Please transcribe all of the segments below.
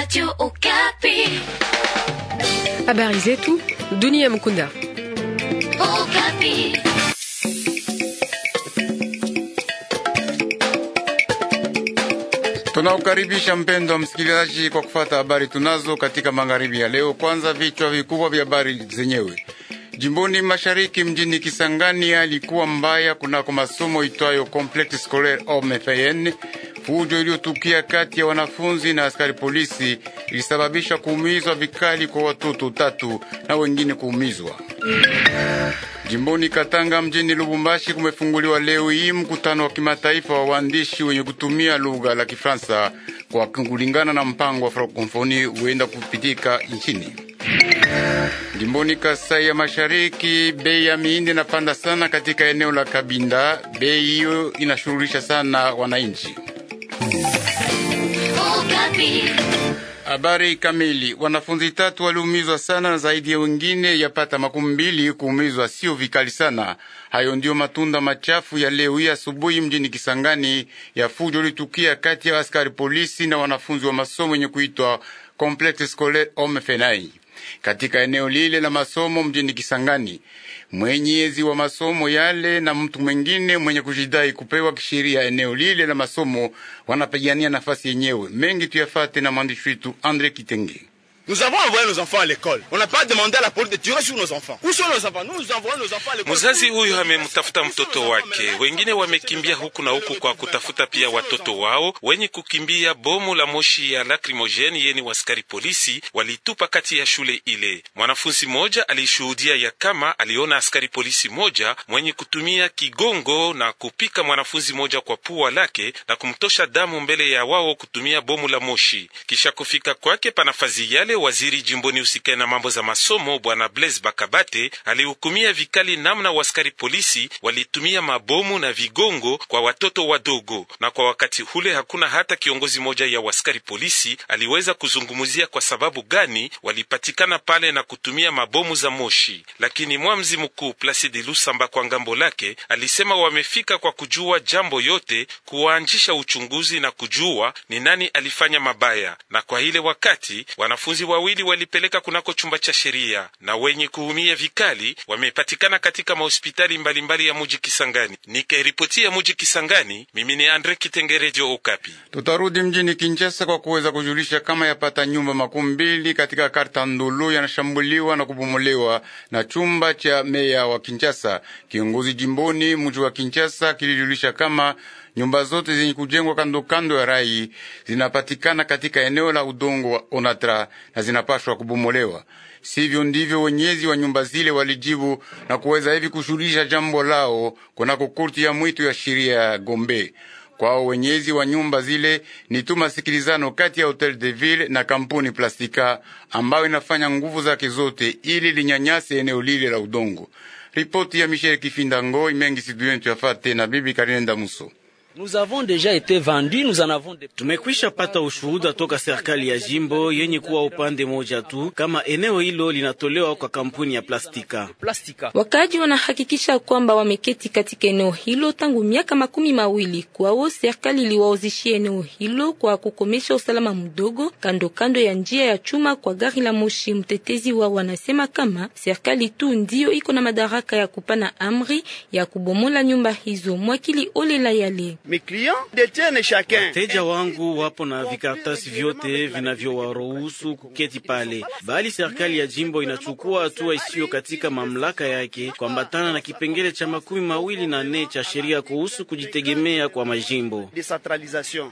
Radio Okapi. Habari zetu dunia mkunda. Okapi. Tunaukaribisha mpendo wa msikilizaji kwa kufata habari tunazo katika magharibi ya leo. Kwanza vichwa vikubwa vya habari zenyewe. Jimboni mashariki mjini Kisangani alikuwa mbaya kunako masomo itwayo Complex Scolaire Homme Fujo iliyotukia kati ya wanafunzi na askari polisi ilisababisha kuumizwa vikali kwa watoto tatu na wengine kuumizwa. Jimboni Katanga mjini Lubumbashi kumefunguliwa leo hii mkutano wa kimataifa wa waandishi wenye kutumia lugha la Kifaransa kwa kulingana na mpango wa Francophonie huenda kupitika nchini. Jimboni Kasai ya Mashariki, bei ya mihindi inapanda sana katika eneo la Kabinda. Bei hiyo inashururisha sana wananchi. Habari kamili. Wanafunzi tatu waliumizwa sana na zaidi ya wengine yapata makumi mbili kuumizwa sio vikali sana. Hayo ndiyo matunda machafu ya leo hii asubuhi mjini Kisangani ya fujo litukia kati ya askari polisi na wanafunzi wa masomo yenye kuitwa Complexe Scolaire Homme Fenai katika eneo lile la masomo mjini Kisangani. Mwenyezi wa masomo yale na mtu mwengine mwenye kujidai kupewa kisheria eneo lile la masomo wanapigania nafasi yenyewe. Mengi tuyafate na mwandishi wetu Andre Kitenge. Nous avons envoyé nos enfants à l'école. On n'a pas demandé à la police de tirer sur nos enfants. Où sont nos enfants Nous, nous envoyons nos enfants à l'école. Mzazi huyu amemtafuta mtoto wake, wengine wamekimbia huku na huku kwa kutafuta pia watoto wao wenye kukimbia. Bomu la moshi ya lacrimogene yeni waskari polisi walitupa kati ya shule ile. Mwanafunzi mmoja alishuhudia ya kama aliona askari polisi moja mwenye kutumia kigongo na kupika mwanafunzi moja kwa pua lake na kumtosha damu mbele ya wao kutumia bomu la moshi, kisha kufika kwake yale mbele waziri jimboni husikae na mambo za masomo bwana Blaise Bakabate alihukumia vikali namna waskari polisi walitumia mabomu na vigongo kwa watoto wadogo, na kwa wakati ule hakuna hata kiongozi moja ya waskari polisi aliweza kuzungumzia kwa sababu gani walipatikana pale na kutumia mabomu za moshi. Lakini mwamzi mkuu Placide Lusamba kwa ngambo lake alisema wamefika kwa kujua jambo yote, kuwaanzisha uchunguzi na kujua ni nani alifanya mabaya, na kwa ile wakati wanafunzi viongozi wawili walipeleka kunako chumba cha sheria, na wenye kuumia vikali wamepatikana katika mahospitali mbalimbali ya muji Kisangani. Nikiripoti ya muji Kisangani, mimi ni Andre Kitengerejo, Okapi. Tutarudi mjini Kinshasa kwa kuweza kujulisha kama yapata nyumba makumi mbili katika karta Ndulu yanashambuliwa na kubomolewa na chumba cha meya wa Kinshasa. Kiongozi jimboni muji wa Kinshasa kilijulisha kama Nyumba zote zenye kujengwa kando kando ya rai zinapatikana katika eneo la udongo wa Onatra na zinapashwa kubomolewa. Sivyo ndivyo wenyezi wa nyumba zile walijibu na kuweza hivi kushughulisha jambo lao kunako korti ya mwitu ya sheria ya Gombe. Kwao wenyezi wa nyumba zile ni tu masikilizano kati ya Hotel de Ville na kampuni Plastika ambayo inafanya nguvu zake zote ili linyanyase eneo lile la udongo. Ripoti ya Michel Kifindango imengi siduyentu yafate na bibi Karinda Muso. Tumekwisha pata ushuhuda toka serikali ya jimbo yenye kuwa upande moja tu, kama eneo hilo linatolewa kwa kampuni ya plastika. Wakaji wanahakikisha kwamba wameketi katika eneo hilo tangu miaka makumi mawili. Kwao serikali liwaozishi eneo hilo kwa kukomesha usalama mdogo kando kando ya njia ya chuma kwa gari la moshi. Mtetezi wao wanasema kama serikali tu ndio iko na madaraka ya kupana amri ya kubomola nyumba hizo. Mwakili Olela Yale Wateja wangu wapo na vikaratasi vyote vinavyowaruhusu kuketi pale, bali serikali ya jimbo inachukua hatua isiyo katika mamlaka yake kuambatana na kipengele cha makumi mawili na nne cha sheria kuhusu kujitegemea kwa majimbo.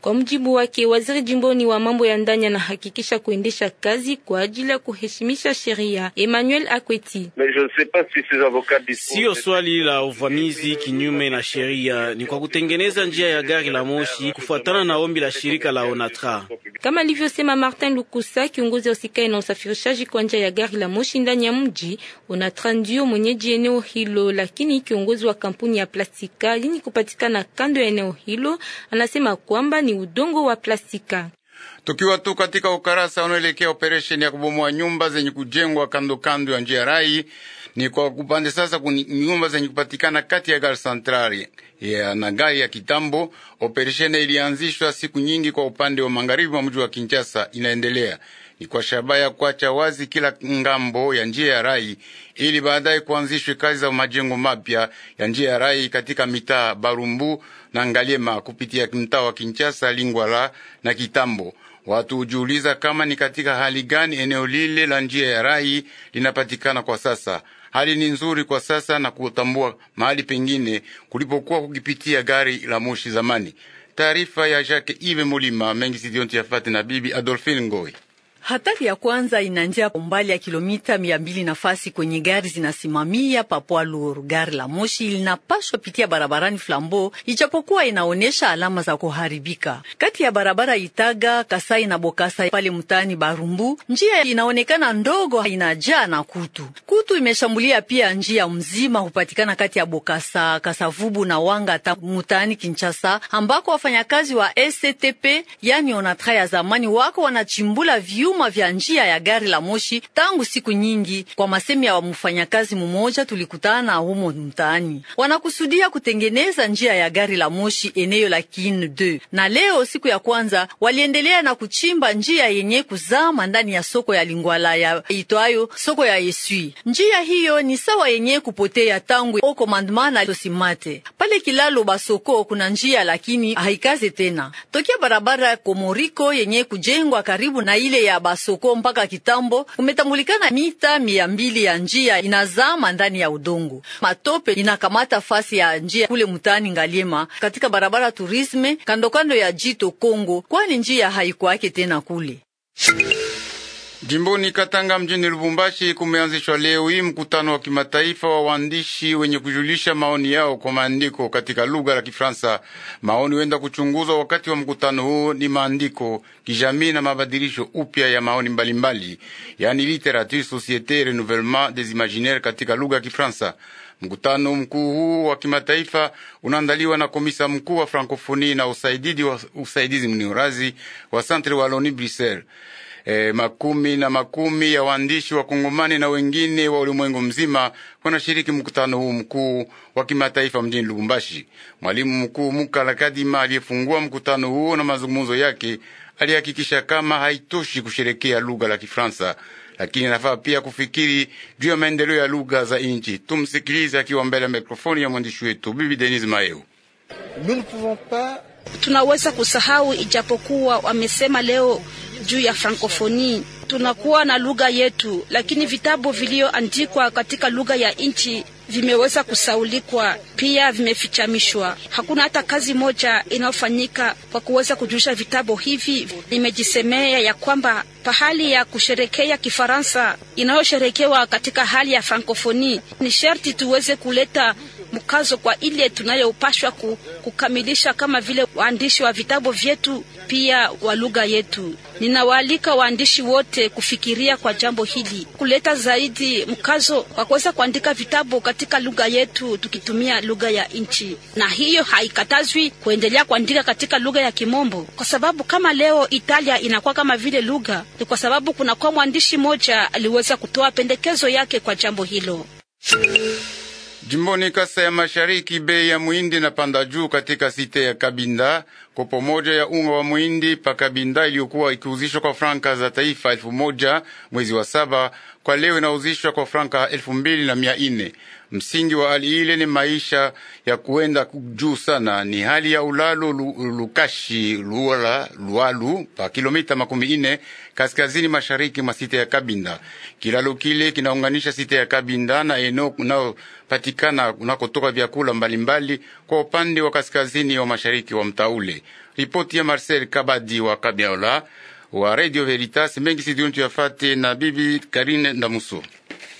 Kwa mjibu wake, waziri jimboni wa mambo ya ndani anahakikisha kuendesha kazi kwa ajili ya kuheshimisha sheria. Emmanuel Akweti: siyo swali la uvamizi kinyume na sheria, ni kwa kutengeneza njia ya gari la moshi kufuatana na ombi la shirika la Onatra. Kama alivyosema Martin Lukusa, kiongozi wa usikae na usafirishaji kwa njia ya gari la moshi ndani ya mji, Onatra ndio mwenyeji eneo hilo, lakini kiongozi wa kampuni ya plastika yenye kupatikana kando ya eneo hilo anasema kwamba ni udongo wa plastika. Tukiwa tu katika ukarasa unaelekea operesheni ya kubomoa nyumba zenye kujengwa kando kando ya njia rai ni kwa kupande sasa nyumba zenye kupatikana kati ya gari santrali ya na gari ya kitambo. Operesheni ilianzishwa siku nyingi kwa upande wa magharibi wa mji wa Kinshasa, inaendelea ni kwa shabaha ya kuacha wazi kila ngambo ya njia ya rai ili baadaye kuanzishwe kazi za majengo mapya ya njia ya rai katika mitaa Barumbu na Ngaliema kupitia mtaa wa Kinshasa, Lingwala na Kitambo. Watu hujiuliza kama ni katika hali gani eneo lile la njia ya rai linapatikana kwa sasa hali ni nzuri kwa sasa na kutambua mahali pengine kulipokuwa kukipitia gari la moshi zamani. Taarifa ya Jacques Ive Mulima mengi sidionti yafate na bibi Adolphine Ngoi. Hatari ya kwanza inanjia umbali ya kilomita mia mbili nafasi kwenye gari zinasimamia Papua-Luour. Gari la moshi linapashwa pitia barabarani Flambo, ijapokuwa inaonyesha alama za kuharibika. Kati ya barabara Itaga, Kasai na Bokasa pale mtaani Barumbu, njia inaonekana ndogo, inajaa na kutu. Kutu imeshambulia pia njia mzima hupatikana kati ya Bokasa, Kasavubu na Wanga ta mtaani Kinshasa, ambako wafanyakazi wa STP yani Onatra ya zamani wako wanachimbula vyuma vyuma vya njia ya gari la moshi tangu siku nyingi. Kwa masemi ya wa mfanyakazi mmoja tulikutana humo mtaani, wanakusudia kutengeneza njia ya gari la moshi eneo la Kin 2 na leo siku ya kwanza waliendelea na kuchimba njia yenye kuzama ndani ya soko ya Lingwala ya itwayo soko ya Yesui. Njia hiyo ni sawa yenye kupotea tangu okomandema na Tosimate pale kilalo Basoko kuna njia lakini haikaze tena tokia barabara Komoriko yenye kujengwa karibu na ile ya ya Basoko mpaka Kitambo kumetambulikana mita mia mbili ya njia inazama ndani ya udongo. Matope inakamata fasi ya njia kule mtaani Ngaliema katika barabara Turisme kandokando ya jito Kongo, kwani njia haikuwake tena kule Jimboni Katanga mjini Lubumbashi kumeanzishwa leo hii mkutano wa kimataifa wa waandishi wenye kujulisha maoni yao kwa maandiko katika lugha la Kifaransa. Maoni wenda kuchunguzwa wakati wa mkutano huu ni maandiko kijamii na mabadilisho upya ya maoni mbalimbali, yaani literature societe renouvellement des imaginaires katika lugha ya Kifaransa. Mkutano mkuu huu wa kimataifa unaandaliwa na komisa mkuu wa Frankofoni na usaidizi mniorazi wa Centre Wallonie Bruxelles. E, makumi na makumi ya waandishi wa Kongomani na wengine wa ulimwengu mzima wanashiriki mkutano huu mkuu wa kimataifa mjini Lubumbashi. Mwalimu mkuu Mukala Kadima aliyefungua mkutano huo na mazungumzo yake alihakikisha kama haitoshi kusherekea lugha la Kifaransa, lakini nafaa pia kufikiri juu ya maendeleo ya lugha za nchi. Tumsikilize akiwa mbele ya mikrofoni ya mwandishi wetu Bibi Denis Maeu. Tunaweza kusahau, ijapokuwa wamesema leo juu ya Frankofoni. Tunakuwa na lugha yetu, lakini vitabu viliyoandikwa katika lugha ya nchi vimeweza kusaulikwa pia vimefichamishwa. Hakuna hata kazi moja inayofanyika kwa kuweza kujulisha vitabu hivi. Nimejisemea ya kwamba pahali ya kusherekea Kifaransa inayosherekewa katika hali ya Frankofoni, ni sharti tuweze kuleta mkazo kwa ile tunayopashwa kukamilisha kama vile waandishi wa vitabu vyetu pia wa lugha yetu. Ninawaalika waandishi wote kufikiria kwa jambo hili, kuleta zaidi mkazo kwa kuweza kuandika vitabu katika lugha yetu tukitumia lugha ya nchi, na hiyo haikatazwi kuendelea kuandika katika lugha ya Kimombo, kwa sababu kama leo Italia inakuwa kama vile lugha, ni kwa sababu kunakuwa mwandishi mmoja aliweza kutoa pendekezo yake kwa jambo hilo. Jimboni Kasa ya Mashariki, bei ya muindi na panda juu katika site ya Kabinda. Kopo moja ya unga wa muindi pa Kabinda iliyokuwa ikiuzishwa kwa franka za taifa elfu moja mwezi wa saba, kwa leo inauzishwa kwa franka elfu mbili na mia ine. Msingi wa hali ile ni maisha ya kuenda juu sana, ni hali ya ulalo Lukashi Luala Lualu pa kilomita makumi ine kaskazini mashariki mwa site ya Kabinda. Kilalo kile kinaunganisha site ya Kabinda na eneo unaopatikana unakotoka vyakula mbalimbali kwa upande wa kaskazini wa mashariki wa mtaule. Ripoti ya Marcel Kabadi wa Kabiola wa Radio Veritas mengi siduntu yafate na bibi Karine Ndamuso.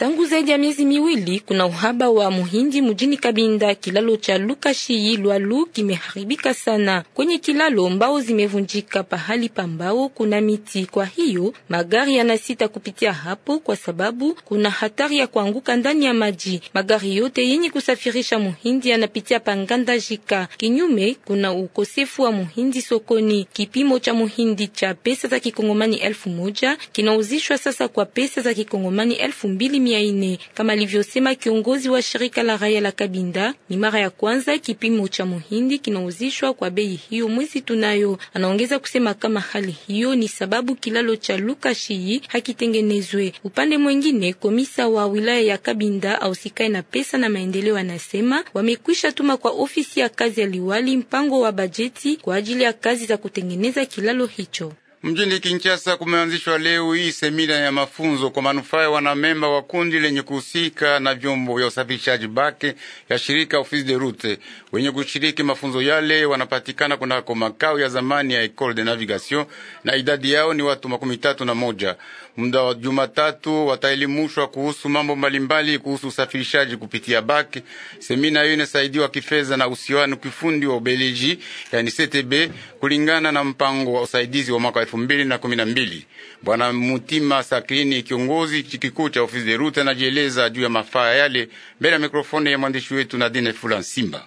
Tangu zaidi ya miezi miwili kuna uhaba wa muhindi mjini Kabinda. Kilalo cha Lukashi Lwalu kimeharibika sana. Kwenye kilalo mbao zimevunjika, pahali pa mbao kuna miti, kwa hiyo magari yanasita kupitia hapo, kwa sababu kuna hatari ya kuanguka ndani ya maji. Magari yote yenye kusafirisha muhindi yanapitia panganda jika. Kinyume kuna ukosefu wa muhindi sokoni. Kipimo cha muhindi cha pesa za kikongomani elfu moja kinauzishwa sasa kwa pesa za kikongomani elfu mbili makumi ya ine kama alivyosema kiongozi wa shirika la raia la Kabinda. Ni mara ya kwanza kipimo cha muhindi kinauzishwa kwa bei hiyo mwezi tunayo. Anaongeza kusema kama hali hiyo ni sababu kilalo cha Lukashii hakitengenezwe. Upande mwingine, komisa wa wilaya ya Kabinda ausikae na pesa na maendeleo anasema wamekwisha tuma kwa ofisi ya kazi ya liwali mpango wa bajeti kwa ajili ya kazi za kutengeneza kilalo hicho. Mjini Kinshasa kumeanzishwa leo hii semina ya mafunzo kwa manufaa ya wanamemba wa kundi lenye kuhusika na vyombo vya usafirishaji bake ya shirika Office de Route. Wenye kushiriki mafunzo yale wanapatikana kunako makao ya zamani ya Ecole de Navigation na idadi yao ni watu makumi tatu na moja. Muda wa Jumatatu wataelimishwa kuhusu mambo mbalimbali kuhusu usafirishaji kupitia bake. Semina hiyo inasaidiwa kifedha na usiwani kifundi wa Ubelgiji, yani CTB kulingana na mpango wa usaidizi wa mwaka elfu mbili na kumi na mbili. Bwana Mutima Sakini, kiongozi kikuu cha ofisi de Ruta, anajieleza juu ya mafaa yale mbele ya mikrofoni ya mwandishi wetu Nadine Fula Nsimba.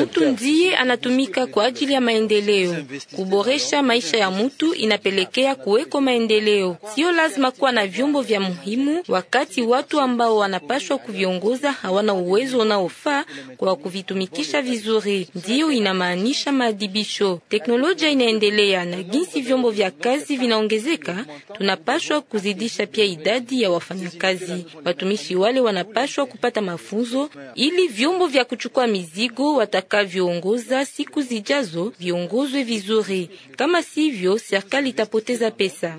Mutu ndiye anatumika kwa ajili ya maendeleo. Kuboresha maisha ya mutu inapelekea kuweko maendeleo. Sio lazima kuwa na vyombo vya muhimu, wakati watu ambao wanapashwa kuviongoza hawana uwezo unaofaa kwa kuvitumikisha vizuri. Ndiyo inamaanisha maadibisho. Teknolojia inaendelea na jinsi vyombo vya kazi vinaongezeka, tunapashwa kuzidisha pia idadi ya wafanyakazi. Watumishi wale wanapashwa kupata mafunzo ili vyombo vyombo vya kuchukua mizigo watakavyoongoza siku zijazo viongozwe vizuri, kama sivyo serikali itapoteza pesa.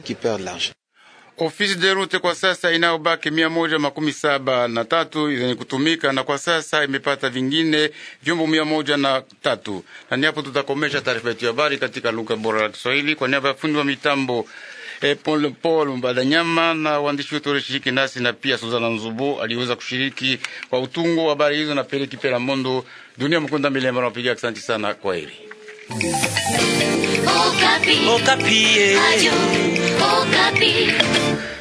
Ofisi de rute kwa sasa inayobaki mia moja makumi saba na tatu zenye kutumika na kwa sasa imepata vingine vyombo mia moja na tatu. Na niapo tutakomesha taarifa yetu ya habari katika lugha bora la Kiswahili kwa niaba ya fundi wa mitambo E, Paul Paul Mbadanyama na waandishi wetu walishiriki nasi na pia Suzana Nzubu aliweza kushiriki kwa utungo wa habari hizo na Pele Kipela Mondo dunia mkunda milemba ambayo napiga asante sana kwa heri. Okapi. Okapi. Eh.